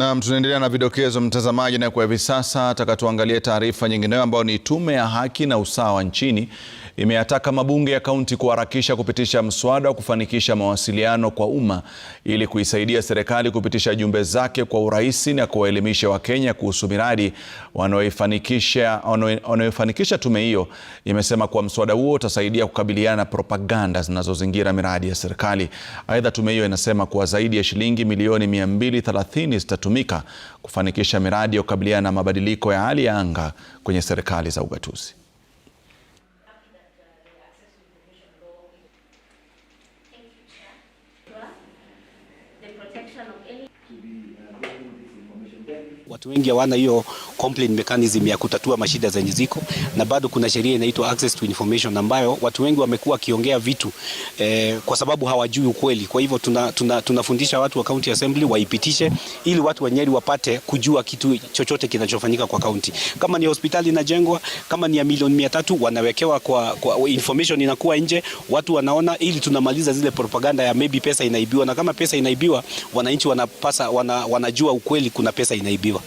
Naam, tunaendelea na vidokezo mtazamaji, na kwa hivi sasa taka tuangalie taarifa nyingineyo ambayo ni tume ya haki na usawa nchini imeyataka mabunge ya kaunti kuharakisha kupitisha mswada wa kufanikisha mawasiliano kwa umma ili kuisaidia serikali kupitisha jumbe zake kwa urahisi na kuwaelimisha Wakenya kuhusu miradi wanayoifanikisha Tume hiyo imesema kuwa mswada huo utasaidia kukabiliana na propaganda zinazozingira miradi ya serikali. Aidha, tume hiyo inasema kuwa zaidi ya shilingi milioni 230 zitatumika kufanikisha miradi ya kukabiliana na mabadiliko ya hali ya anga kwenye serikali za ugatuzi. protection of any... To be uh, Watu wengi hawana hiyo complaint mechanism ya kutatua mashida zenye ziko, na bado kuna sheria inaitwa access to information ambayo watu wengi wamekuwa wakiongea vitu eh, kwa sababu hawajui ukweli. Kwa hivyo tunafundisha tuna, tuna watu wa county assembly waipitishe ili watu wa Nyeri wapate kujua kitu chochote kinachofanyika kwa county. Kama ni hospitali inajengwa, kama ni ya milioni mia tatu wanawekewa kwa, kwa information inakuwa nje, watu wanaona, ili tunamaliza zile propaganda ya maybe pesa inaibiwa, na kama pesa inaibiwa wananchi wanapasa wana, wanajua ukweli kuna pesa inaibiwa.